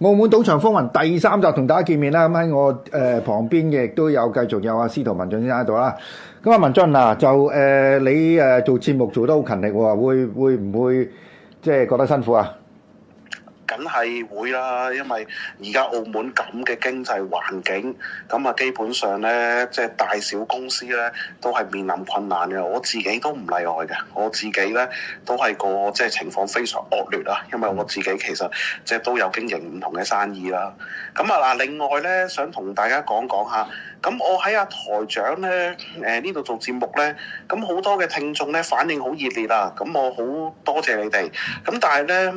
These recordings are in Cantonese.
《澳門賭場風雲》第三集同大家見面啦，咁、嗯、喺我誒、呃、旁邊亦都有繼續有阿、啊、司徒文俊司徒文進先生喺度啦。咁啊，文進啊，就誒、呃、你誒、呃、做節目做得好勤力喎，會會唔會即係覺得辛苦啊？梗係會啦，因為而家澳門咁嘅經濟環境，咁啊基本上咧，即係大小公司咧都係面臨困難嘅。我自己都唔例外嘅，我自己咧都係個即係情況非常惡劣啦。因為我自己其實即係都有經營唔同嘅生意啦。咁啊嗱，另外咧想同大家講講下。咁我喺阿台長咧誒呢度、呃、做節目咧，咁好多嘅聽眾咧反應好熱烈啦。咁我好多謝你哋。咁但係咧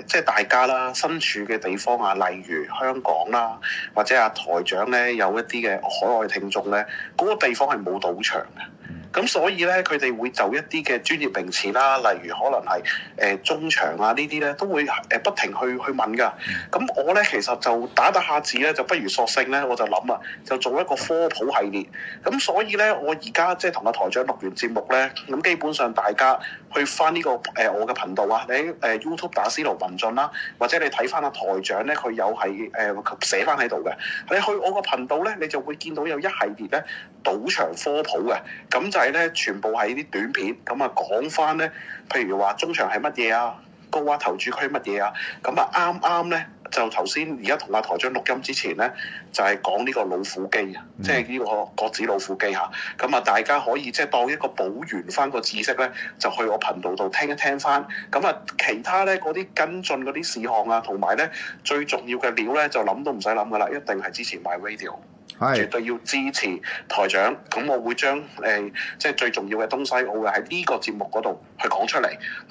誒，即係大家啦，身處嘅地方啊，例如香港啦，或者啊台長咧，有一啲嘅海外聽眾咧，嗰個地方係冇賭場嘅。咁所以咧，佢哋會就一啲嘅專業名詞啦，例如可能係誒、呃、中場啊呢啲咧，都會誒不停去去問噶。咁我咧其實就打打下字咧，就不如索性咧，我就諗啊，就做一個科普系列。咁所以咧，我而家即係同阿台長錄完節目咧，咁基本上大家去翻呢、這個誒、呃、我嘅頻道啊，你喺 YouTube 打司徒文進啦、啊，或者你睇翻阿台長咧，佢有係誒、呃、寫翻喺度嘅。你去我個頻道咧，你就會見到有一系列咧賭場科普嘅，咁就。係咧，全部係啲短片，咁啊講翻咧，譬如話中場係乜嘢啊，高啊投注區乜嘢啊，咁啊啱啱咧就頭先而家同阿台長錄音之前咧，就係講呢個老虎機啊，嗯、即係呢個角子老虎機嚇，咁啊大家可以即係當一個補完翻個知識咧，就去我頻道度聽一聽翻，咁啊其他咧嗰啲跟進嗰啲事項啊，同埋咧最重要嘅料咧就諗都唔使諗噶啦，一定係之前 MyRadio。係，絕對要支持台長。咁我會將誒、呃、即係最重要嘅東西，我會喺呢個節目嗰度去講出嚟。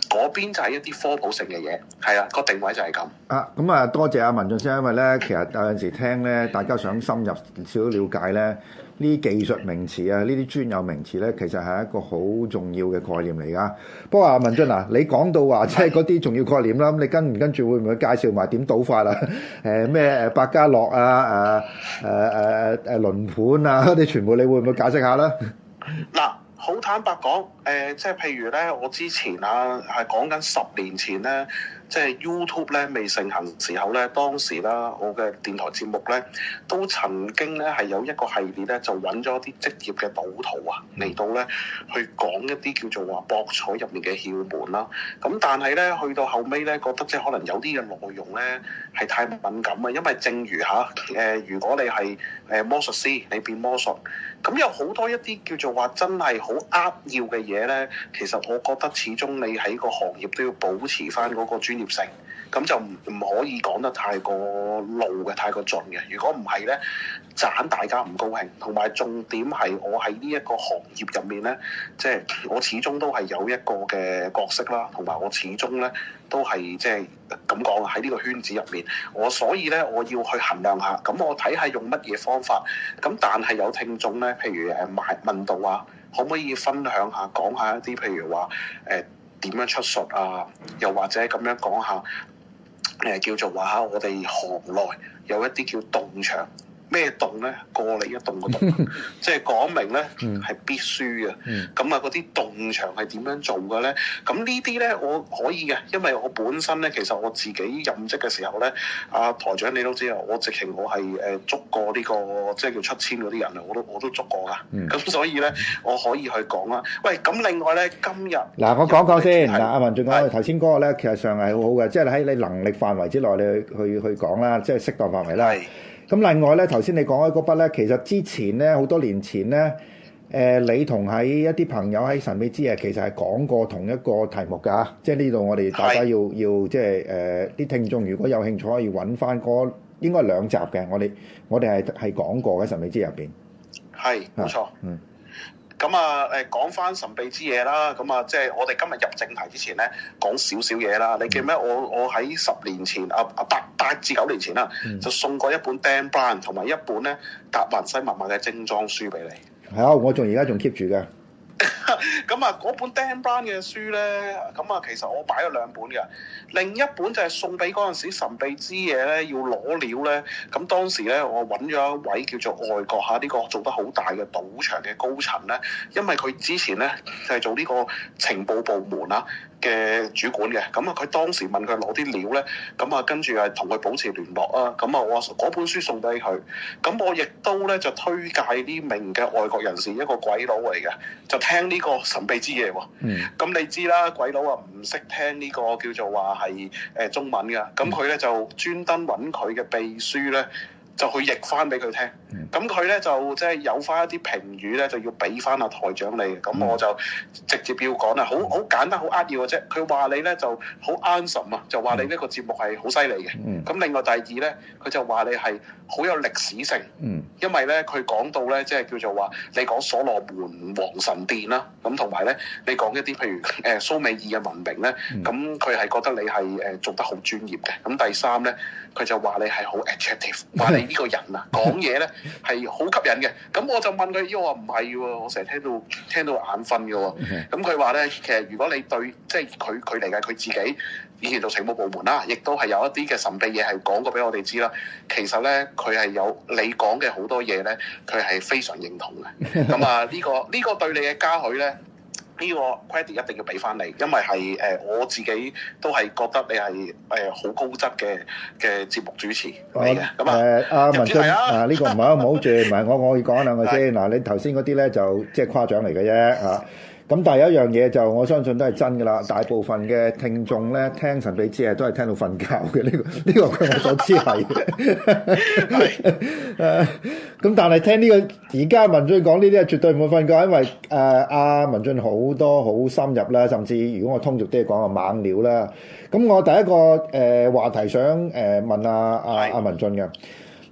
嗰邊就係一啲科普性嘅嘢，係啦，個定位就係咁。啊，咁、嗯、啊，多謝阿文進先生，因為咧，其實有陣時聽咧，大家想深入少少了解咧。呢技術名詞啊，呢啲專有名詞咧、啊，其實係一個好重要嘅概念嚟噶。不過阿、啊、文俊嗱、啊，你講到話即係嗰啲重要概念啦，咁 你跟唔跟住會唔會介紹埋點倒法啊？誒、呃、咩百家樂啊、誒誒誒輪盤啊，啲全部你會唔會解釋下咧？嗱， 好坦白講，誒、呃、即係譬如咧，我之前啊係講緊十年前咧。即係 YouTube 咧未盛行時候咧，當時啦，我嘅電台節目咧，都曾經咧係有一個系列咧，就揾咗啲職業嘅賭徒啊，嚟到咧去講一啲叫做話博彩入面嘅竅門啦、啊。咁但係咧去到後尾咧，覺得即係可能有啲嘅內容咧係太敏感啊，因為正如吓、啊、誒、呃、如果你係誒魔術師，你變魔術咁有好多一啲叫做話真係好扼要嘅嘢咧，其實我覺得始終你喺個行業都要保持翻個專業業性咁就唔可以講得太過露嘅，太過盡嘅。如果唔係咧，盞大家唔高興。同埋重點係，我喺呢一個行業入面咧，即係我始終都係有一個嘅角色啦。同埋我始終咧都係即係咁講，喺呢個圈子入面，我所以咧我要去衡量下，咁我睇下用乜嘢方法。咁但係有聽眾咧，譬如誒問問到啊，可唔可以分享下，講下一啲譬如話誒。點樣出術啊？又或者咁樣講下，誒叫做話吓，我哋行內有一啲叫洞場。咩洞咧？過嚟一洞個洞，即係講明咧係必須嘅。咁啊，嗰啲洞場係點樣做嘅咧？咁呢啲咧我可以嘅，因為我本身咧其實我自己任職嘅時候咧，阿台長你都知啊，我直情我係誒捉過呢個即係叫出千嗰啲人啊，我都我都捉過噶。咁所以咧，我可以去講啦。喂，咁另外咧，今日嗱，我講講先嗱，阿文俊哥頭先嗰個咧，其實上係好好嘅，即係喺你能力範圍之內，你去去去講啦，即係適當範圍啦。咁另外咧，頭先你講開嗰筆咧，其實之前咧，好多年前咧，誒、呃、你同喺一啲朋友喺神秘之夜，其實係講過同一個題目嘅嚇，即係呢度我哋大家要是要即係誒啲聽眾如果有興趣，可以揾翻嗰應該兩集嘅，我哋我哋係係講過嘅，神秘之夜入邊，係冇是、啊、錯，嗯。咁啊，誒講翻神秘之嘢啦，咁啊，即係我哋今日入正題之前咧，講少少嘢啦。你記唔記得？我我喺十年前，阿阿八八至九年前啦，嗯、就送過一本 Dan Brown 同埋一本咧《達文西密碼》嘅精裝書俾你。係啊、嗯，我仲而家仲 keep 住嘅。咁啊，嗰 本 Dan Brown 嘅書咧，咁啊，其實我擺咗兩本嘅，另一本就係送俾嗰陣時神秘之嘢咧，要攞料咧。咁當時咧，我揾咗一位叫做外國嚇呢、啊呢個做得好大嘅賭場嘅高層咧，因為佢之前咧係、就係、做呢個情報部門啦。啊嘅主管嘅，咁啊，佢當時問佢攞啲料咧，咁、嗯、啊跟住係同佢保持聯絡啊，咁、嗯、啊我嗰本書送俾佢，咁、嗯、我亦都咧就推介呢名嘅外國人士，一個鬼佬嚟嘅，就聽呢個神秘之夜喎、哦。嗯，咁、嗯、你知啦，鬼佬啊唔識聽呢個叫做話係誒中文噶，咁佢咧就專登揾佢嘅秘書咧。就去譯翻俾佢聽，咁佢咧就即係有翻一啲評語咧，就要俾翻阿台長你。咁、嗯嗯、我就直接要講啦，好好簡單好扼要嘅啫。佢話你咧就好啱神啊，就話你呢個節目係好犀利嘅。咁、嗯嗯、另外第二咧，佢就話你係好有歷史性。嗯嗯、因為咧，佢講到咧，即、就、係、是、叫做話你講所羅門王神殿啦，咁同埋咧，你講一啲譬如誒、呃、蘇美爾嘅文明咧，咁佢係覺得你係誒做得好專業嘅。咁第三咧，佢就話你係好 attractive，話你。呢個人啊，講嘢咧係好吸引嘅。咁我就問佢，因為，我唔係喎，我成日聽到聽到眼瞓嘅喎。咁佢話咧，其實如果你對即係佢佢嚟嘅，佢自己以前做情報部門啦、啊，亦都係有一啲嘅神秘嘢係講過俾我哋知啦。其實咧，佢係有你講嘅好多嘢咧，佢係非常認同嘅。咁啊，呢、這個呢、這個對你嘅嘉許咧。呢個 credit 一定要俾翻你，因為係誒、呃、我自己都係覺得你係誒好高質嘅嘅節目主持嚟。咁啊，阿文叔 啊，呢、呢個唔好唔好住，唔係 我我要講一兩句先。嗱、 啊，你頭先嗰啲咧就即係誇獎嚟嘅啫嚇。啊咁但係有一樣嘢，就我相信都係真噶啦，大部分嘅聽眾咧聽神秘之説都係聽到瞓覺嘅，呢、這個呢個我所知係嘅。係、 這個，咁但係聽呢個而家文進講呢啲，絕對唔會瞓覺，因為誒阿、呃、文進好多好深入啦，甚至如果我通俗啲講啊猛料啦。咁我第一個誒、呃、話題想誒問阿阿阿文進嘅。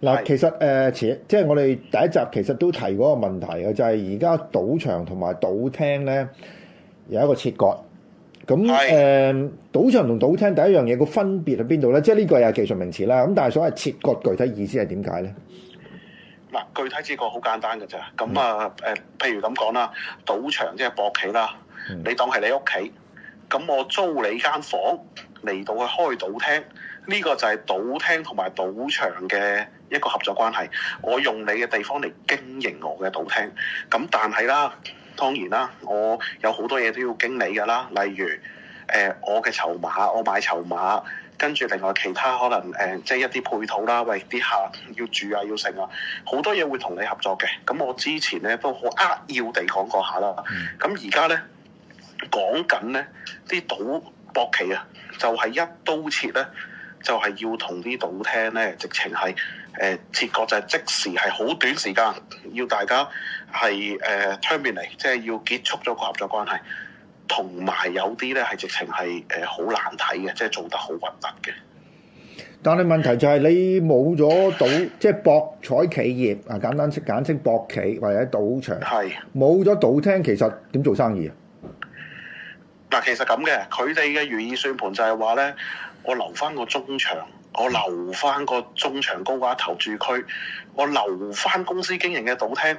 嗱，其實誒前、呃、即係我哋第一集其實都提嗰個問題嘅，就係而家賭場同埋賭廳咧有一個切割。咁誒的、呃，賭場同賭廳第一樣嘢個分別喺邊度咧？即係呢個又係技術名詞啦。咁但係所謂切割，具體意思係點解咧？嗱，具體切割好簡單㗎咋。咁啊誒，譬、嗯、如咁講啦，賭場即係博企啦，你當係你屋企。咁、嗯、我租你間房嚟到去開賭廳，呢、呢個就係賭廳同埋賭場嘅。一個合作關係，我用你嘅地方嚟經營我嘅賭廳，咁但係啦，當然啦，我有好多嘢都要經理噶啦，例如誒、呃、我嘅籌碼，我買籌碼跟住另外其他可能誒、呃，即係一啲配套啦。喂，啲客要住啊，要成啊，好多嘢會同你合作嘅。咁我之前咧都好扼要地講過下啦。咁而家咧講緊咧啲賭博企啊，就係、是、一刀切咧，就係、是、要同啲賭廳咧直情係。誒、呃，切割就係即時係好短時間，要大家係誒面嚟，呃、ate, 即係要結束咗個合作關係。同埋有啲咧係直情係誒好難睇嘅，即係做得好核突嘅。但係問題就係你冇咗賭， 即係博彩企業啊，簡單簡稱博企或者賭場係冇咗賭廳，其實點做生意啊？嗱，其實咁嘅，佢哋嘅如意算盤就係話咧，我留翻個中場。我留返個中場高啊投注區，我留翻公司經營嘅賭廳，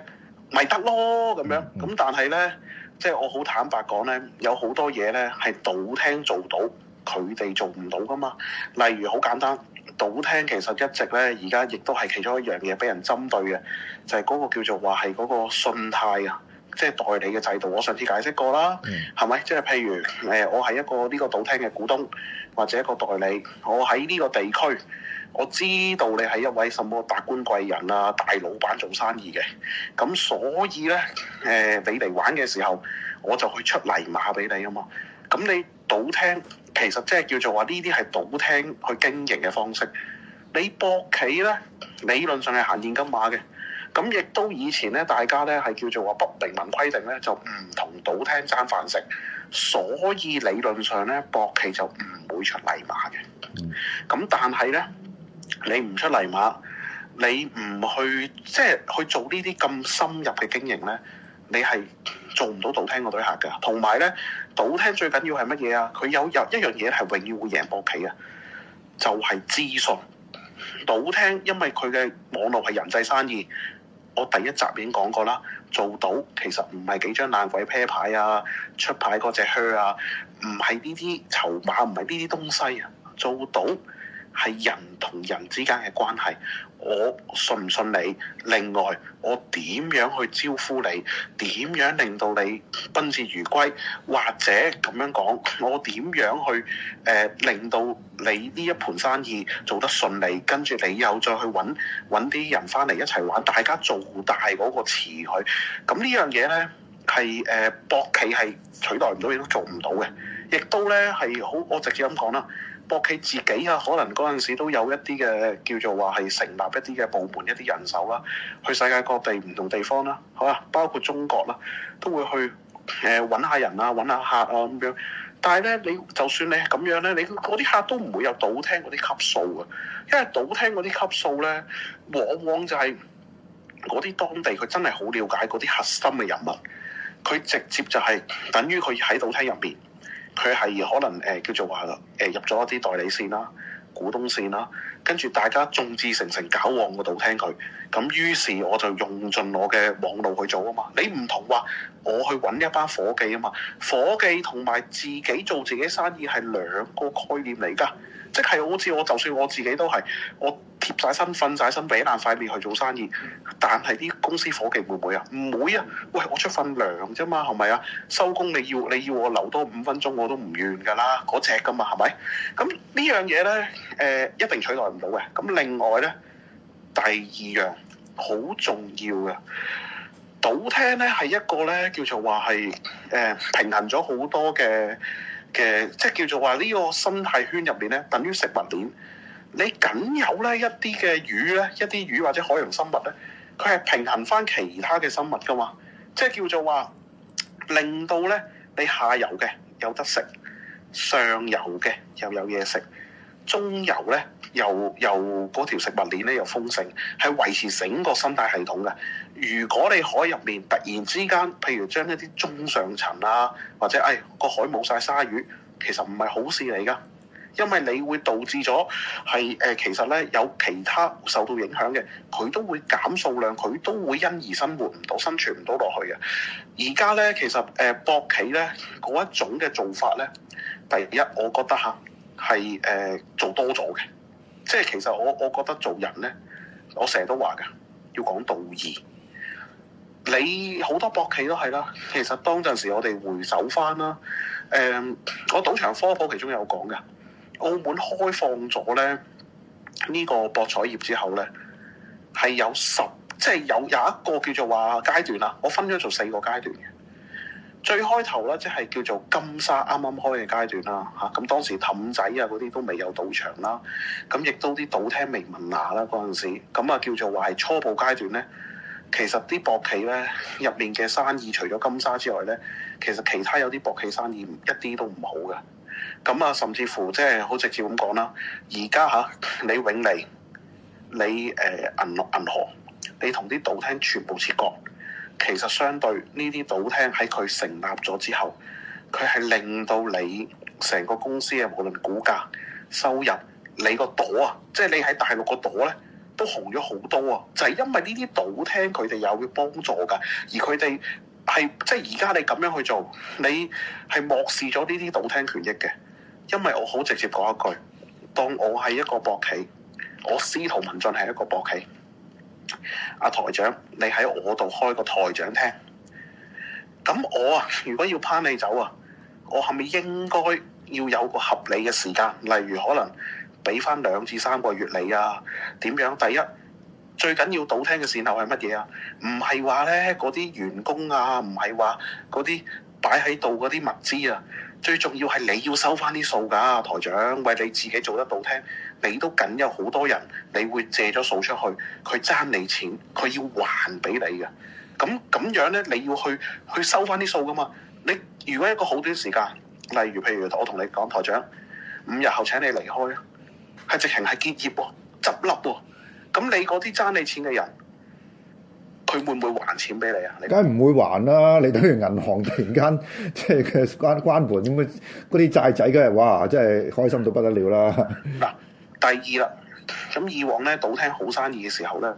咪得咯咁樣。咁但係咧，即係我好坦白講咧，有好多嘢咧係賭廳做到，佢哋做唔到噶嘛。例如好簡單，賭廳其實一直咧而家亦都係其中一樣嘢俾人針對嘅，就係嗰個叫做話係嗰個信貸啊，即係代理嘅制度。我上次解釋過啦，係咪、嗯？即係譬如誒，我係一個呢個賭廳嘅股東。或者一個代理，我喺呢個地區，我知道你係一位什麼達官貴人啊、大老闆做生意嘅，咁所以咧，誒、呃、你嚟玩嘅時候，我就去出泥碼俾你啊嘛。咁你賭廳其實即係叫做話呢啲係賭廳去經營嘅方式，你博企咧理論上係行現金碼嘅，咁亦都以前咧大家咧係叫做話不明文規定咧就唔同賭廳爭飯食。所以理論上咧，博企就唔會出泥馬嘅。咁但係咧，你唔出泥馬，你唔去即係去做呢啲咁深入嘅經營咧，你係做唔到賭廳嗰對客㗎。同埋咧，賭廳最緊要係乜嘢啊？佢有有一樣嘢係永遠會贏博企呀，就係、是、資訊。賭廳因為佢嘅網絡係人際生意。我第一集已經講過啦，做到其實唔係幾張爛鬼啤牌啊，出牌嗰隻靴啊，唔係呢啲籌碼，唔係呢啲東西啊，做到。係人同人之間嘅關係，我信唔信你？另外，我點樣去招呼你？點樣令到你賓至如歸？或者咁樣講，我點樣去誒、呃、令到你呢一盤生意做得順利？跟住你又再去揾揾啲人翻嚟一齊玩，大家做大嗰個池去。咁呢樣嘢呢，係誒博企係取代唔到，亦都做唔到嘅。亦都呢係好，我直接咁講啦。博企自己啊，可能嗰陣時都有一啲嘅叫做話，係成立一啲嘅部門，一啲人手啦，去世界各地唔同地方啦，好啊，包括中國啦，都會去誒揾、呃、下人啊、揾下客啊咁樣。但係咧，你就算你係咁樣咧，你嗰啲客都唔會有賭廳嗰啲級數啊，因為賭廳嗰啲級數咧，往往就係嗰啲當地佢真係好了解嗰啲核心嘅人物，佢直接就係、是、等於佢喺賭廳入邊。佢係可能誒、呃、叫做話誒、呃、入咗一啲代理線啦、股東線啦，跟住大家眾志成城搞旺嗰度聽佢，咁於是我就用盡我嘅網路去做啊嘛。你唔同話、啊、我去揾一班伙計啊嘛，伙計同埋自己做自己生意係兩個概念嚟㗎，即係好似我就算我自己都係我。貼晒身、瞓晒身、俾爛塊面去做生意，但係啲公司伙計會唔會啊？唔會啊！喂，我出份糧啫嘛，係咪啊？收工你要你要我留多五分鐘，我都唔願噶啦，嗰隻噶嘛，係咪？咁呢樣嘢咧，誒、呃，一定取代唔到嘅。咁另外咧，第二樣好重要嘅賭廳咧，係一個咧叫做話係誒平衡咗好多嘅嘅，即係叫做話呢個生態圈入邊咧，等於食物鏈。你僅有咧一啲嘅魚咧，一啲魚或者海洋生物咧，佢係平衡返其他嘅生物噶嘛？即係叫做話，令到咧你下游嘅有得食，上游嘅又有嘢食，中游咧又又嗰條食物鏈咧又豐盛，係維持整個生態系統嘅。如果你海入面突然之間，譬如將一啲中上層啊，或者誒、哎嗰個海冇晒鯊魚，其實唔係好事嚟噶。因為你會導致咗係誒，其實咧有其他受到影響嘅，佢都會減數量，佢都會因而生活唔到，生存唔到落去嘅。而家咧其實誒、呃、博企咧嗰一種嘅做法咧，第一我覺得吓，係、呃、誒做多咗嘅，即係其實我我覺得做人咧，我成日都話㗎，要講道義，你好多博企都係啦，其實當陣時我哋回首翻啦，誒我賭場科普其中有講嘅。澳門開放咗咧呢個博彩業之後咧，係有十即係有有一個叫做話階段啦。我分咗做四個階段嘅。最開頭咧，即係叫做金沙啱啱開嘅階段啦，嚇、啊、咁當時氹仔啊嗰啲都未有賭場啦，咁亦都啲賭廳未聞話啦嗰陣時，咁啊叫做話係初步階段咧。其實啲博企咧入面嘅生意，除咗金沙之外咧，其實其他有啲博企生意一啲都唔好㗎。咁啊，甚至乎即係好直接咁講啦。而家吓，你永利，你誒、呃、銀銀河，你同啲賭廳全部切割。其實相對呢啲賭廳喺佢成立咗之後，佢係令到你成個公司嘅無論股價收入，你個朵啊，即係你喺大陸個朵咧，都紅咗好多啊！就係、是、因為呢啲賭廳佢哋有嘅幫助噶，而佢哋係即係而家你咁樣去做，你係漠視咗呢啲賭廳權益嘅。因為我好直接講一句，當我係一個博企，我司徒文進係一個博企。阿、啊、台長，你喺我度開個台長廳。咁我啊，如果要拋你走啊，我係咪應該要有個合理嘅時間？例如可能俾翻兩至三個月你啊，點樣？第一，最緊要賭廳嘅線頭係乜嘢啊？唔係話咧嗰啲員工啊，唔係話嗰啲。擺喺度嗰啲物資啊，最重要係你要收翻啲數㗎，台長，喂，你自己做得到聽，你都僅有好多人，你會借咗數出去，佢爭你錢，佢要還俾你嘅，咁咁樣咧，你要去去收翻啲數噶嘛？你如果一個好短時間，例如譬如我同你講，台長五日後請你離開，係直情係結業喎，執笠喎，咁你嗰啲爭你錢嘅人。佢會唔會還錢俾你啊？你梗係唔會還啦！你等住銀行突然間即係嘅關關門咁，嗰啲債仔嘅哇，真係開心到不得了啦！嗱，第二啦，咁以往咧賭廳好生意嘅時候咧，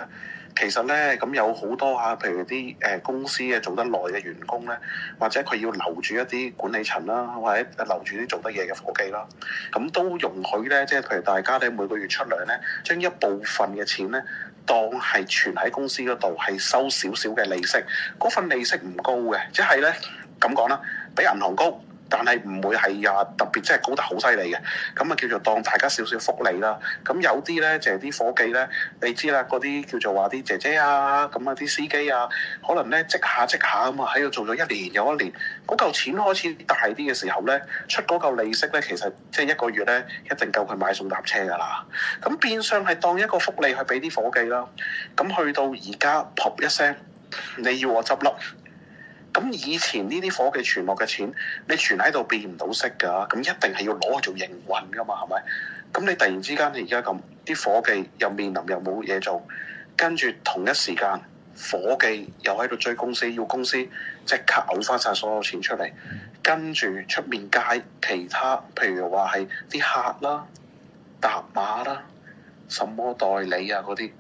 其實咧咁有好多啊，譬如啲誒、呃、公司嘅做得耐嘅員工咧，或者佢要留住一啲管理層啦，或者留住啲做得嘢嘅伙計啦，咁都容許咧，即係譬如大家咧每個月出糧咧，將一部分嘅錢咧。當係存喺公司嗰度，係收少少嘅利息，嗰份利息唔高嘅，即係咧，咁講啦，比銀行高。但係唔會係啊特別，即係高得好犀利嘅，咁啊叫做當大家少少福利啦。咁有啲咧就係啲伙計咧，你知啦，嗰啲叫做話啲姐姐啊，咁啊啲司機啊，可能咧即下即下咁啊喺度做咗一年又一年，嗰嚿錢開始大啲嘅時候咧，出嗰嚿利息咧，其實即係一個月咧一定夠佢買餸搭車㗎啦。咁變相係當一個福利去俾啲伙計啦。咁去到而家，噗一聲，你要我執笠。咁以前呢啲伙計存落嘅錢，你存喺度變唔到息㗎。咁一定係要攞去做營運㗎嘛，係咪？咁你突然之間你而家咁啲伙計又面臨又冇嘢做，跟住同一時間伙計又喺度追公司要公司即刻嘔翻晒所有錢出嚟，跟住出面街其他譬如話係啲客啦、搭馬啦、什麼代理啊嗰啲，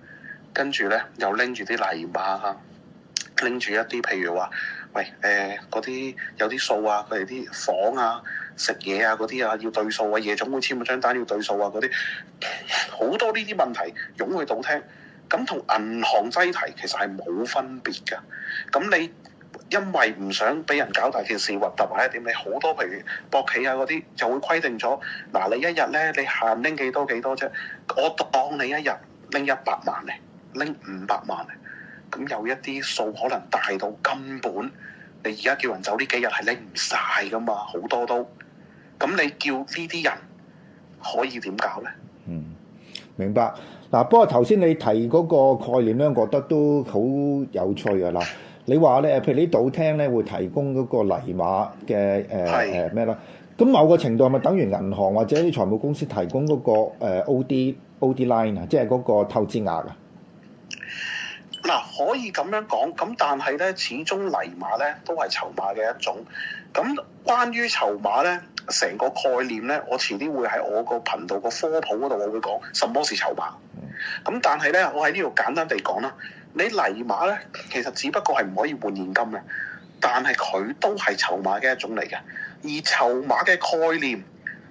跟住咧又拎住啲泥馬啊，拎住一啲譬如話。誒、嗰啲，欸、有啲數啊，佢哋啲房啊，食嘢啊嗰啲啊，要對數啊，夜總會簽咗張單要對數啊，嗰啲好多呢啲問題湧去到聽，咁同銀行擠提其實係冇分別噶。咁你因為唔想俾人搞大件事，核突或者點，你好多譬如博企啊嗰啲，就會規定咗，嗱，你一日咧你限拎幾多幾多啫。我當你一日拎一百萬嚟，拎五百萬嚟。咁有一啲數可能大到根本，你而家叫人走呢幾日係拎唔晒㗎嘛，好多都。咁你叫呢啲人可以點搞咧？嗯，明白。嗱、啊，不過頭先你提嗰個概念咧，我覺得都好有趣啊。嗱，你話咧，譬如你啲賭廳咧會提供嗰個泥碼嘅誒誒咩咧？咁、呃是呃、某個程度係咪等於銀行或者啲財務公司提供嗰、那個、呃、O D O D line 啊？即係嗰個透支額啊？嗱、啊，可以咁樣講，咁但係咧，始終泥馬咧都係籌碼嘅一種。咁、嗯、關於籌碼咧，成個概念咧，我遲啲會喺我個頻道個科普嗰度，我會講什麼是籌碼。咁、嗯、但係咧，我喺呢度簡單地講啦，你泥馬咧其實只不過係唔可以換現金嘅，但係佢都係籌碼嘅一種嚟嘅，而籌碼嘅概念。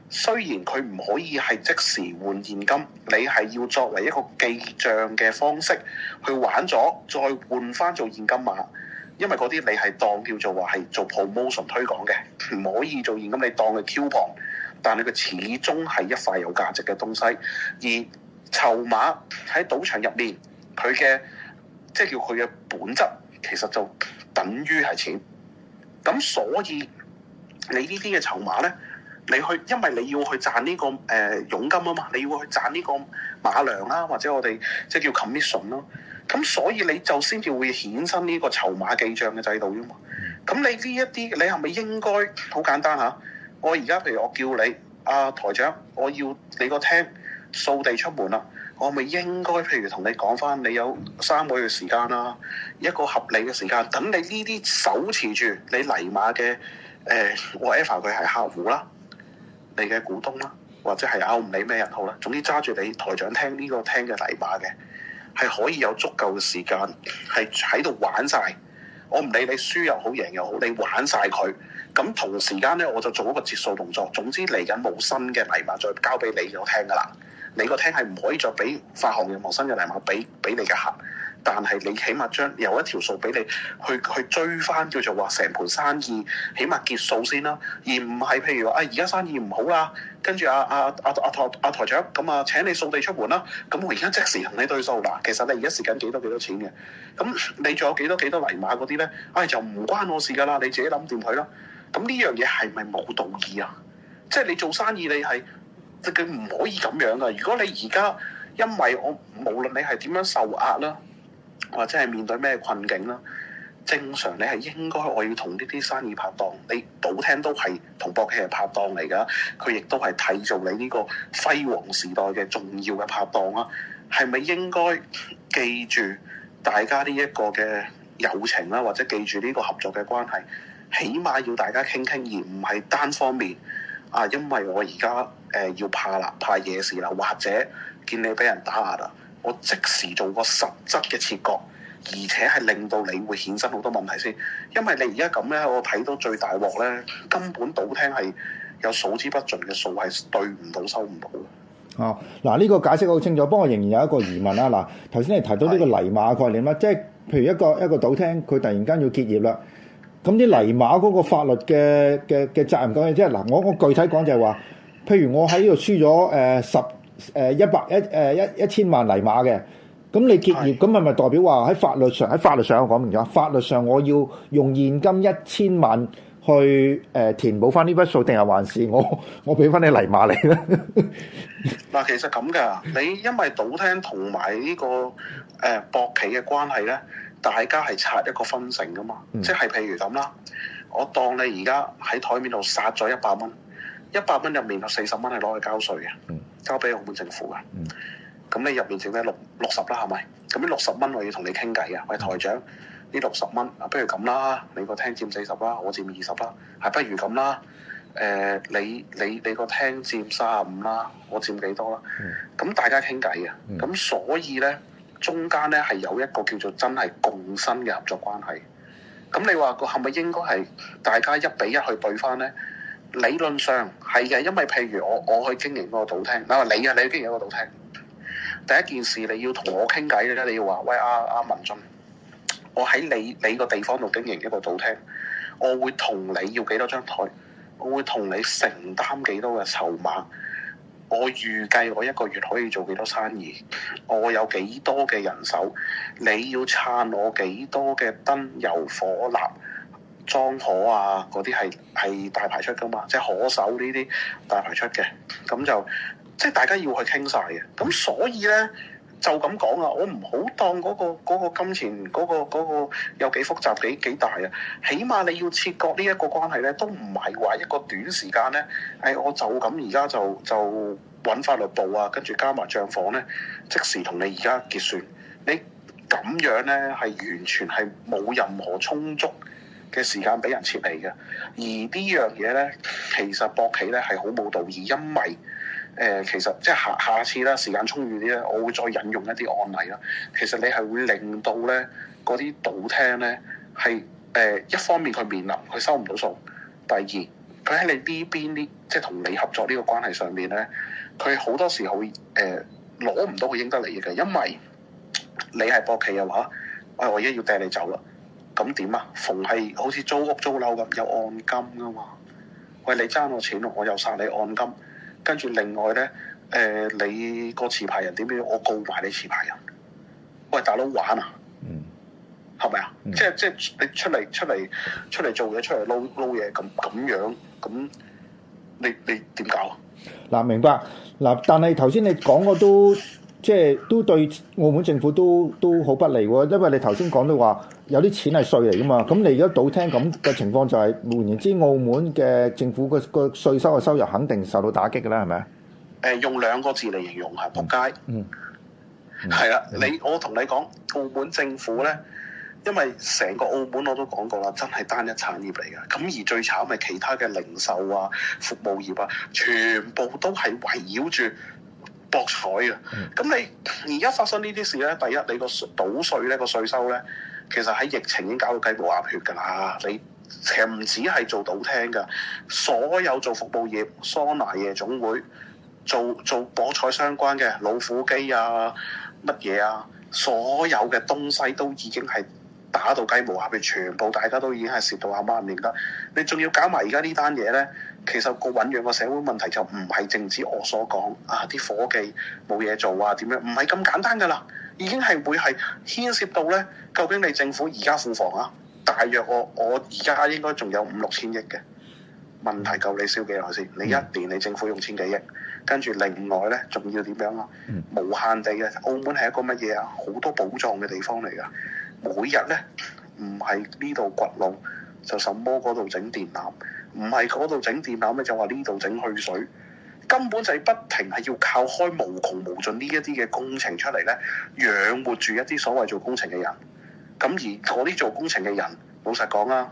雖然佢唔可以係即時換現金，你係要作為一個記帳嘅方式去玩咗，再換翻做現金碼。因為嗰啲你係當叫做話係做 promotion 推廣嘅，唔可以做現金。你當佢 coupon，但係佢始終係一塊有價值嘅東西。而籌碼喺賭場入面，佢嘅即係叫佢嘅本質，其實就等於係錢。咁所以你呢啲嘅籌碼咧？你去，因為你要去賺呢、這個誒、呃、佣金啊嘛，你要去賺呢個馬糧啦、啊，或者我哋即係叫 commission 咯、啊。咁所以你就先至會衍生呢個籌碼記帳嘅制度啊嘛。咁你呢一啲，你係咪應該好簡單嚇、啊？我而家譬如我叫你啊台長，我要你個廳掃地出門啦、啊，我係咪應該，譬如同你講翻，你有三個月時間啦、啊，一個合理嘅時間，等你呢啲手持住你嚟馬嘅、呃、whatever 佢係客戶啦、啊。你嘅股東啦，或者係我唔理咩人好啦，總之揸住你台長廳呢個廳嘅泥碼嘅，係可以有足夠嘅時間，係喺度玩晒。我唔理你輸又好贏又好，你玩晒佢。咁同時間咧，我就做一個接數動作。總之嚟緊冇新嘅泥碼再交俾你嘅廳㗎啦。你個廳係唔可以再俾發行任何新嘅泥碼俾俾你嘅客。但係你起碼將有一條數俾你去去追翻，叫做話成盤生意起碼結數先啦。而唔係譬如話、哎、啊，而家生意唔好啦，跟住啊啊啊啊台啊台長，咁、嗯、啊請你掃地出門啦。咁、嗯、我而家即時同你對數嗱，其實你而家蝕緊幾多幾多少錢嘅？咁、嗯、你仲有幾多幾多少泥碼嗰啲咧？唉、哎，就唔關我事㗎啦，你自己諗掂佢啦。咁呢樣嘢係咪冇道義啊？即係你做生意你，你係究竟唔可以咁樣㗎。如果你而家因為我無論你係點樣受壓啦～或者係面對咩困境啦？正常你係應該我要同呢啲生意拍檔，你賭廳都係同博企人拍檔嚟㗎，佢亦都係睇做你呢個輝煌時代嘅重要嘅拍檔啦。係咪應該記住大家呢一個嘅友情啦，或者記住呢個合作嘅關係，起碼要大家傾傾，而唔係單方面啊，因為我而家誒要怕啦，怕嘢事啦，或者見你俾人打壓啦！我即時做個實質嘅切割，而且係令到你會衍生好多問題先，因為你而家咁咧，我睇到最大鑊咧，根本賭廳係有數之不盡嘅數係對唔到收唔到。哦、啊，嗱，呢、這個解釋好清楚，不過仍然有一個疑問啦。嗱，頭先你提到呢個泥馬概念啦，是即係譬如一個一個賭廳，佢突然間要結業啦，咁啲泥馬嗰個法律嘅嘅嘅責任究竟即係嗱，我我，我具體講就係、是、話，譬如我喺呢度輸咗誒、呃呃、十。十十十十十十十十誒、呃、一百一誒一一千萬泥碼嘅，咁你結業咁係咪代表話喺法律上喺法律上我講明咗，法律上我要用現金一千萬去誒、呃、填補翻呢筆數，定係還是我我俾翻你泥碼你？咧？嗱，其實咁㗎，你因為賭廳同埋呢個誒、呃、博企嘅關係咧，大家係拆一個分成㗎嘛，嗯、即係譬如咁啦，我當你而家喺台面度殺咗一百蚊，一百蚊入面有四十蚊係攞去交稅嘅。嗯交俾澳門政府㗎，咁、嗯、你入面剩低六六十啦，係咪？咁呢六十蚊我要同你傾偈嘅，我係台長。呢六十蚊，不如咁啦，你個廳佔四十啦，我佔二十啦，係不如咁啦。誒、呃，你你你個廳佔三十五啦，我佔幾多啦？咁、嗯、大家傾偈嘅，咁所以咧，中間咧係有一個叫做真係共生嘅合作關係。咁你話個係咪應該係大家一比一去對翻咧？理論上係嘅，因為譬如我我去經營個賭廳，嗱你啊，你去經營一個賭廳。第一件事你要同我傾偈嘅咧，你要話喂阿阿、啊啊、文進，我喺你你個地方度經營一個賭廳，我會同你要幾多張台，我會同你承擔幾多嘅籌碼，我預計我一個月可以做幾多生意，我有幾多嘅人手，你要撐我幾多嘅燈油火蠟。裝可啊，嗰啲係係大排出噶嘛，即係可手呢啲大排出嘅，咁就即係大家要去傾晒嘅。咁所以咧，就咁講啊，我唔好當嗰個嗰個金錢嗰個嗰個有幾複雜幾幾大啊。起碼你要切割呢一個關係咧，都唔係話一個短時間咧。誒、哎，我就咁而家就就揾法律部啊，跟住加埋帳房咧，即時同你而家結算。你咁樣咧，係完全係冇任何充足嘅時間俾人撤離嘅，而呢樣嘢咧，其實博企咧係好冇道義，因為誒、呃、其實即係下下次啦，時間充裕啲咧，我會再引用一啲案例啦。其實你係會令到咧嗰啲賭廳咧係誒一方面佢面臨佢收唔到數，第二，佢喺你呢邊啲即係同你合作呢個關係上面咧，佢好多時好誒攞唔到佢應得利益嘅，因為你係博企嘅話，哎、我而家要掟你走啦。咁點啊？逢係好似租屋租樓咁有按金噶嘛？喂，你爭我錢，我又殺你按金，跟住另外咧，誒、呃，你個持牌人點樣？我告埋你持牌人。喂，大佬玩啊？嗯，係咪啊？嗯、即係即係你出嚟出嚟出嚟做嘢，出嚟撈撈嘢，咁咁樣，咁你你點搞，啊？嗱，明白。嗱，但係頭先你講嗰都。即係都對澳門政府都都好不利喎，因為你頭先講到話有啲錢係稅嚟噶嘛，咁你而家賭廳咁嘅情況就係、是，換言之澳門嘅政府個個稅收嘅收入肯定受到打擊嘅啦，係咪啊？誒，用兩個字嚟形容嚇，仆街、嗯。嗯，係啊的，的你我同你講，澳門政府咧，因為成個澳門我都講過啦，真係單一產業嚟嘅，咁而最慘咪其他嘅零售啊、服務業啊，全部都係圍繞住。博彩啊，咁你而家發生呢啲事咧，第一你個稅賭稅咧個稅收咧，其實喺疫情已經搞到雞毛鴨血㗎啦。你唔止係做賭廳嘅，所有做服務業、桑拿夜總會、做做博彩相關嘅老虎機啊、乜嘢啊，所有嘅東西都已經係打到雞毛鴨血，全部大家都已經係蝕到阿媽唔認得。你仲要搞埋而家呢單嘢咧？其實個醞釀嘅社會問題就唔係淨止我所講啊！啲伙計冇嘢做啊，點樣唔係咁簡單㗎啦？已經係會係牽涉到咧，究竟你政府而家庫房啊，大約我我而家應該仲有五六千億嘅問題，夠你燒幾耐先？你一年你政府用千幾億，跟住另外咧仲要點樣啊？無限地嘅澳門係一個乜嘢啊？好多寶藏嘅地方嚟㗎，每日咧唔係呢度掘路，就什麼嗰度整電纜。唔係嗰度整電纜，咪就話呢度整去水，根本就係不停係要靠開無窮無盡呢一啲嘅工程出嚟咧，養活住一啲所謂做工程嘅人。咁而嗰啲做工程嘅人，老實講啊，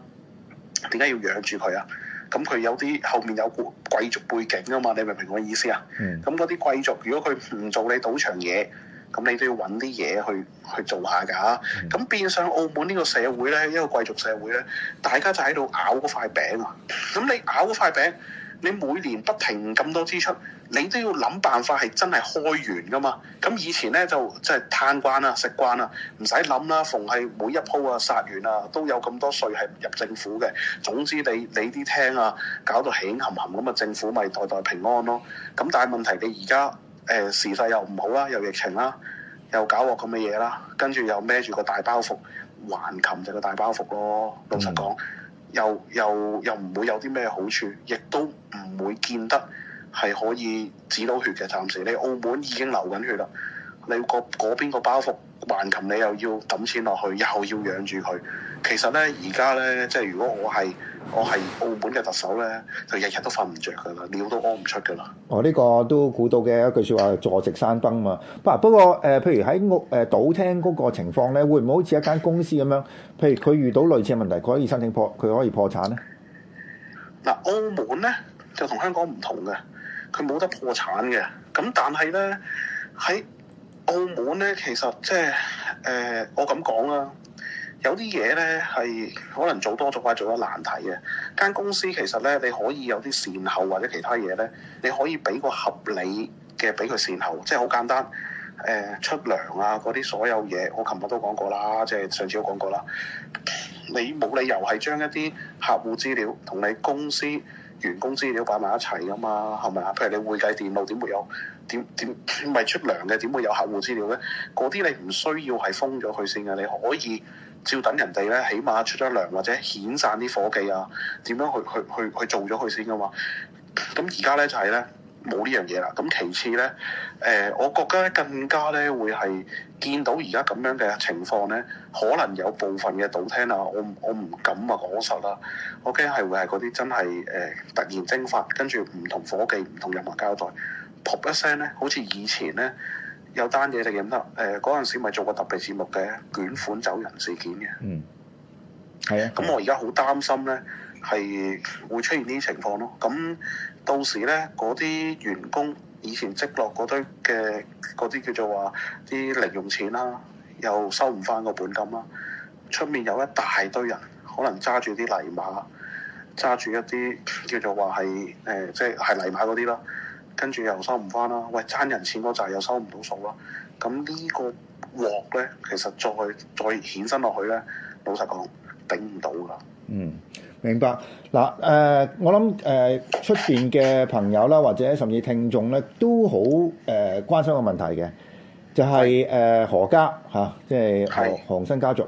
點解要養住佢啊？咁佢有啲後面有貴族背景啊嘛，你明唔明我意思啊？嗯。咁嗰啲貴族，如果佢唔做你賭場嘢。咁你都要揾啲嘢去去做下㗎、啊，咁變相澳門呢個社會咧，一個貴族社會咧，大家就喺度咬嗰塊餅啊！咁你咬嗰塊餅，你每年不停咁多支出，你都要諗辦法係真係開源㗎嘛！咁以前咧就即係、就係、貪官啊、食官啊，唔使諗啦，逢係每一鋪啊殺完啊都有咁多稅係入政府嘅。總之你你啲廳啊，搞到起冚冚咁啊，政府咪代代平安咯。咁但係問題你而家。誒、呃、時勢又唔好啦，又疫情啦，又搞過咁嘅嘢啦，跟住又孭住個大包袱，橫琴就個大包袱咯。老實講，又又又唔會有啲咩好處，亦都唔會見得係可以止到血嘅。暫時你澳門已經流緊血啦，你個嗰邊個包袱橫琴，你又要抌錢落去，又要養住佢。其實呢，而家呢，即係如果我係。我係澳門嘅特首咧，就日日都瞓唔着噶啦，尿都屙唔出噶啦。哦，呢、這個都估到嘅一句説話，坐食山崩嘛。不不過誒、呃，譬如喺屋誒賭廳嗰個情況咧，會唔會好似一間公司咁樣？譬如佢遇到類似嘅問題，佢可以申請破，佢可以破產咧。嗱、呃，澳門咧就同香港唔同嘅，佢冇得破產嘅。咁但係咧喺澳門咧，其實即係誒，我咁講啊。有啲嘢咧係可能做多咗，或者做得難睇嘅。間公司其實咧，你可以有啲善後或者其他嘢咧，你可以俾個合理嘅俾佢善後。即係好簡單，誒，出糧啊嗰啲所有嘢，我琴日都講過啦，即係上次都講過啦。你冇理由係將一啲客戶資料同你公司。員工資料擺埋一齊噶嘛，係咪啊？譬如你會計電腦，點會有點點唔係出糧嘅，點會有客戶資料咧？嗰啲你唔需要係封咗佢先嘅，你可以照等人哋咧，起碼出咗糧或者遣散啲伙計啊，點樣去去去去去做咗佢先噶嘛？咁而家咧就係咧。冇呢樣嘢啦，咁其次咧，誒、呃，我覺得咧更加咧會係見到而家咁樣嘅情況咧，可能有部分嘅賭廳啊，我我唔敢啊，講實啦，OK，係會係嗰啲真係誒、呃、突然蒸發，跟住唔同伙計唔同任何人交代噗一聲咧，好似以前咧有單嘢就認、是、得，誒嗰陣時咪做過特別節目嘅捲款走人事件嘅、嗯，嗯，係啊，咁我而家好擔心咧係會出現呢啲情況咯，咁。到時咧，嗰啲員工以前積落嗰堆嘅嗰啲叫做話啲零用錢啦、啊，又收唔翻個本金啦、啊。出面有一大堆人，可能揸住啲泥碼，揸住一啲叫做話係誒，即係係泥碼嗰啲啦。跟住又收唔翻啦，喂，爭人錢嗰陣又收唔到數啦、啊。咁呢個鑊咧，其實再再衍生落去咧，老實講，頂唔到㗎。嗯。明白嗱，誒、呃、我諗誒出邊嘅朋友啦，或者甚至聽眾咧，都好誒、呃、關心個問題嘅，就係、是、誒是、呃、何家嚇、啊，即係何何鴻燊家族，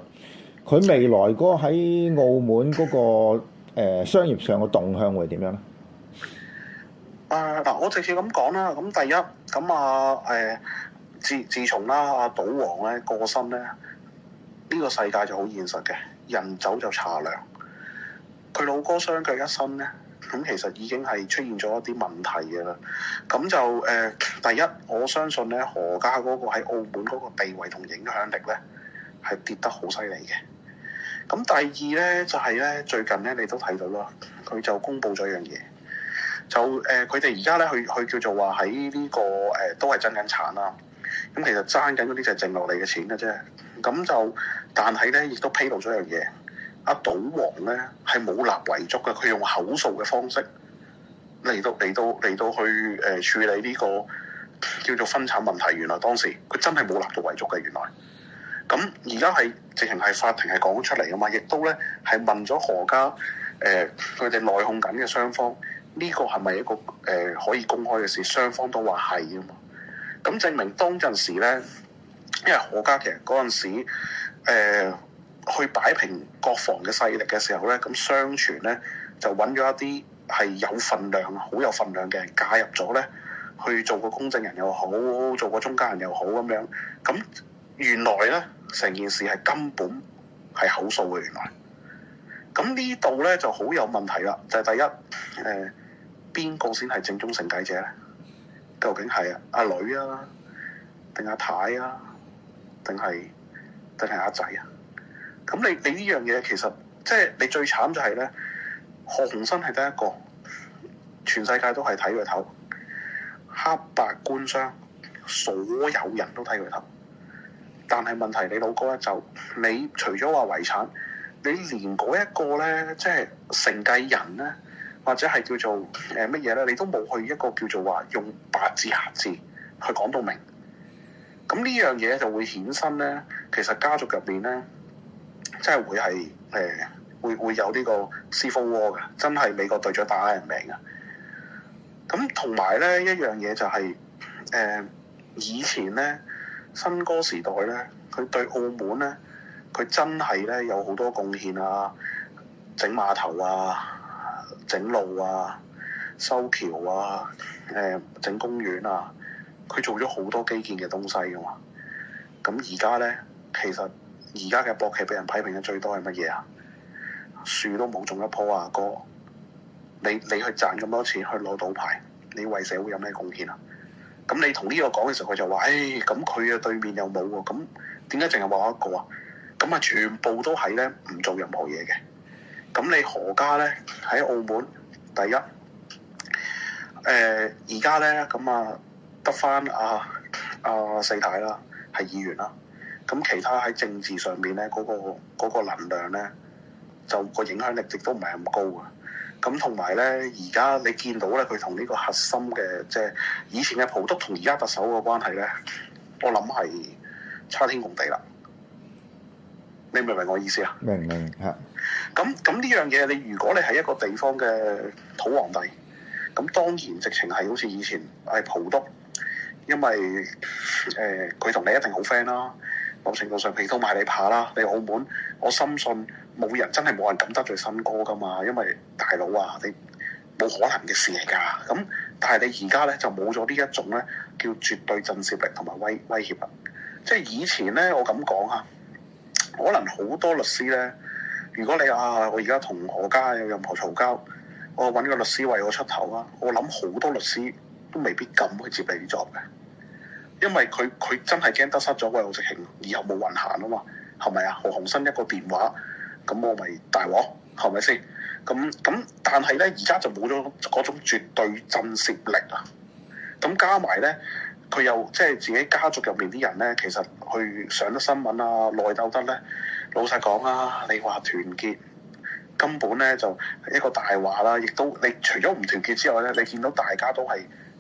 佢未來嗰喺澳門嗰、那個、呃、商業上嘅動向會點樣咧？啊嗱、呃，我直接咁講啦，咁第一咁啊誒自自從啦，阿、啊、賭王咧過身咧，呢、這個世界就好現實嘅，人走就茶涼。佢老哥雙腳一伸咧，咁其實已經係出現咗一啲問題嘅啦。咁就誒、呃，第一，我相信咧何家嗰個喺澳門嗰個地位同影響力咧，係跌得好犀利嘅。咁第二咧就係、是、咧，最近咧你都睇到啦，佢就公布咗一樣嘢，就誒佢哋而家咧去去叫做話喺呢個誒、呃、都係爭緊產啦。咁其實爭緊嗰啲就係剩落嚟嘅錢嘅啫。咁就但係咧亦都披露咗一樣嘢。阿、啊、賭王咧係冇立遺囑嘅，佢用口述嘅方式嚟到嚟到嚟到去誒、呃、處理呢、這個叫做分產問題。原來當時佢真係冇立到遺囑嘅，原來。咁而家係直情係法庭係講出嚟嘅嘛，亦都咧係問咗何家誒佢哋內訌緊嘅雙方，呢、這個係咪一個誒、呃、可以公開嘅事？雙方都話係啊嘛。咁證明當陣時咧，因為何家其實嗰陣時去擺平國防嘅勢力嘅時候呢，咁相傳呢，就揾咗一啲係有份量、好有份量嘅人介入咗呢，去做個公證人又好，做個中間人又好咁樣。咁原來呢，成件事係根本係口述嘅，原來。咁呢度呢，就好有問題啦。就係、是、第一，誒邊個先係正宗承繼者呢？究竟係阿女啊，定阿太，太啊，定係定係阿仔啊？咁你你呢樣嘢其實即係你最慘就係咧，何鴻燊係得一個，全世界都係睇佢頭，黑白官商，所有人都睇佢頭。但係問題你老哥一走，你除咗話遺產，你連嗰一個咧，即係承繼人咧，或者係叫做誒乜嘢咧，你都冇去一個叫做話用白字黑字去講到明。咁呢樣嘢就會衍生咧，其實家族入面咧。真係會係誒、呃，會會有呢個 civil war 嘅，真係美國對咗打人命啊！咁同埋呢一樣嘢就係、是、誒、呃，以前呢，新歌時代呢，佢對澳門呢，佢真係呢有好多貢獻啊，整碼頭啊，整路啊，修橋啊，誒、呃、整公園啊，佢做咗好多基建嘅東西㗎嘛。咁而家呢，其實～而家嘅博企俾人批評嘅最多係乜嘢啊？樹都冇種一樖啊哥，你你去賺咁多錢去攞賭牌，你為社會有咩貢獻啊？咁你同呢個講嘅時候，佢就話，唉、哎，咁佢嘅對面又冇喎，咁點解淨係話一個啊？咁啊，全部都係咧，唔做任何嘢嘅。咁你何家咧喺澳門？第一，誒而家咧咁啊，得翻阿阿四太啦，係議員啦。咁其他喺政治上面咧，嗰個嗰個能量咧，就個影響力亦都唔係咁高啊！咁同埋咧，而家你見到咧，佢同呢個核心嘅即係以前嘅葡督同而家特首嘅關係咧，我諗係差天共地啦！你明唔明我意思啊？明明嚇！咁咁呢樣嘢，你如果你係一個地方嘅土皇帝，咁當然直情係好似以前係葡督，因為誒佢同你一定好 friend 啦。某程度上，皮都買你怕啦。你澳門，我深信冇人真係冇人敢得罪新哥噶嘛，因為大佬啊，你冇可能嘅事嚟㗎。咁，但係你而家咧就冇咗呢一種咧叫絕對震懾力同埋威威脅啊。即係以前咧，我咁講啊，可能好多律師咧，如果你啊，我而家同何家有任何嘈交，我揾個律師為我出頭啊，我諗好多律師都未必敢去接你啲作嘅。因為佢佢真係驚得失咗魏直慶，以後冇運行啊嘛，係咪啊？何鴻燊一個電話，咁我咪大鑊，係咪先？咁咁，但係咧，而家就冇咗嗰種絕對震懾力啊！咁加埋咧，佢又即係自己家族入面啲人咧，其實去上咗新聞啊，內鬥得咧，老實講啊，你話團結根本咧就一個大話啦，亦都你除咗唔團結之外咧，你見到大家都係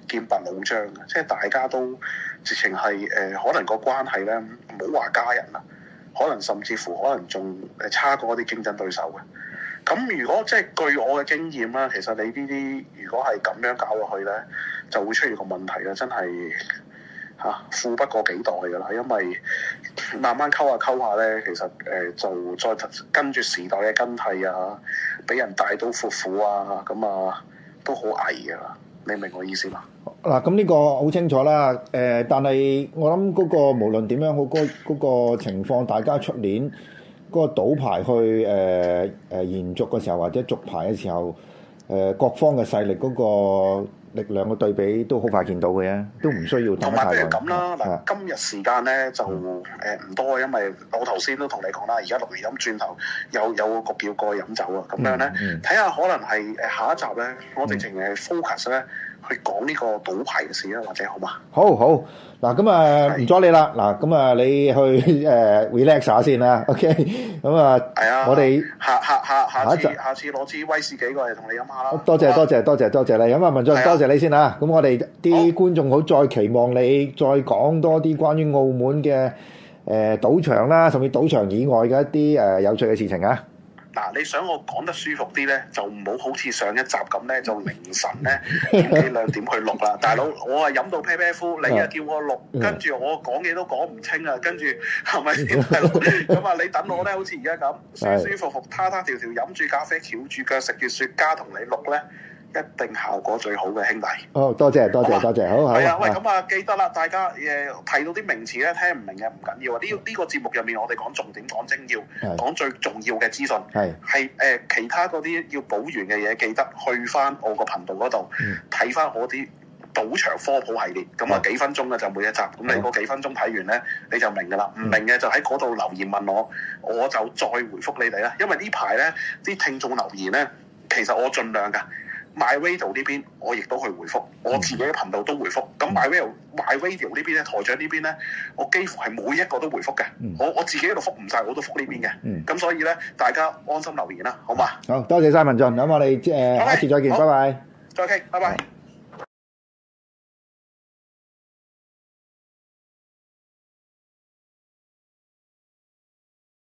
劍拔弩張嘅，即係大家都。直情係誒，可能個關係咧，唔好話家人啦，可能甚至乎可能仲誒差過啲競爭對手嘅。咁如果即係據我嘅經驗啦，其實你呢啲如果係咁樣搞落去咧，就會出現個問題啦，真係吓富不過幾代㗎啦，因為慢慢溝下溝下咧，其實誒、呃、就再跟住時代嘅更替啊，俾人大刀闊斧啊，咁啊都好危㗎啦，你明我意思嘛？嗱咁呢個好清楚啦，誒，但係我諗嗰個無論點樣，嗰個嗰個情況，大家出年嗰個賭牌去誒誒延續嘅時候，或者續牌嘅時候，誒各方嘅勢力嗰個力量嘅對比都好快見到嘅啫，都唔需要等太耐。同埋不如咁啦，嗱，今日時間咧就誒唔多，因為我頭先都同你講啦，而家六月飲轉頭有有個局要過去飲酒啊，咁樣咧睇下可能係誒下一集咧，我直情係 focus 咧。去講呢個賭牌嘅事啊，或者好嘛？好，好嗱，咁啊唔阻你啦，嗱，咁啊你去誒 relax 下先啦，OK，咁啊，係啊，我哋下下下下次下次攞支威士忌過嚟同你飲下啦。多謝多謝多謝多謝你，咁啊，文進多謝你先嚇，咁我哋啲觀眾好再期望你再講多啲關於澳門嘅誒賭場啦，甚至賭場以外嘅一啲誒有趣嘅事情啊！嗱，你想我講得舒服啲咧，就唔好好似上一集咁咧，就凌晨咧幾兩點去錄啦， 大佬，我係飲到啤啤呼，你啊叫我錄，跟住我講嘢都講唔清啊，跟住係咪先，大佬？係咯，咁啊，你等我咧，好似而家咁，舒舒服服，攤攤條條飲住咖啡，翹住腳食住雪茄，同你錄咧。一定效果最好嘅兄弟，哦，多謝多謝多謝，好，係啊，喂，咁啊，記得啦，大家誒提到啲名詞咧，聽唔明嘅唔緊要啊，呢呢個節目入面我哋講重點，講精要，講最重要嘅資訊，係係誒其他嗰啲要補完嘅嘢，記得去翻我個頻道嗰度睇翻我啲賭場科普系列，咁啊幾分鐘嘅就每一集，咁你嗰幾分鐘睇完咧，你就明㗎啦，唔明嘅就喺嗰度留言問我，我就再回覆你哋啦，因為呢排咧啲聽眾留言咧，其實我盡量噶。My Radio 呢邊，我亦都去回覆，我自己嘅頻道都回覆。咁、嗯、My Radio，My Radio, My Radio 邊呢邊咧，台長邊呢邊咧，我幾乎係每一個都回覆嘅。嗯、我我自己喺度覆唔晒，我都覆呢邊嘅。咁、嗯、所以咧，大家安心留言啦，好嘛？好多謝晒文進，咁我哋誒、呃、Okay, 下次再見，拜拜好。再傾 bye，拜拜、okay。Okay.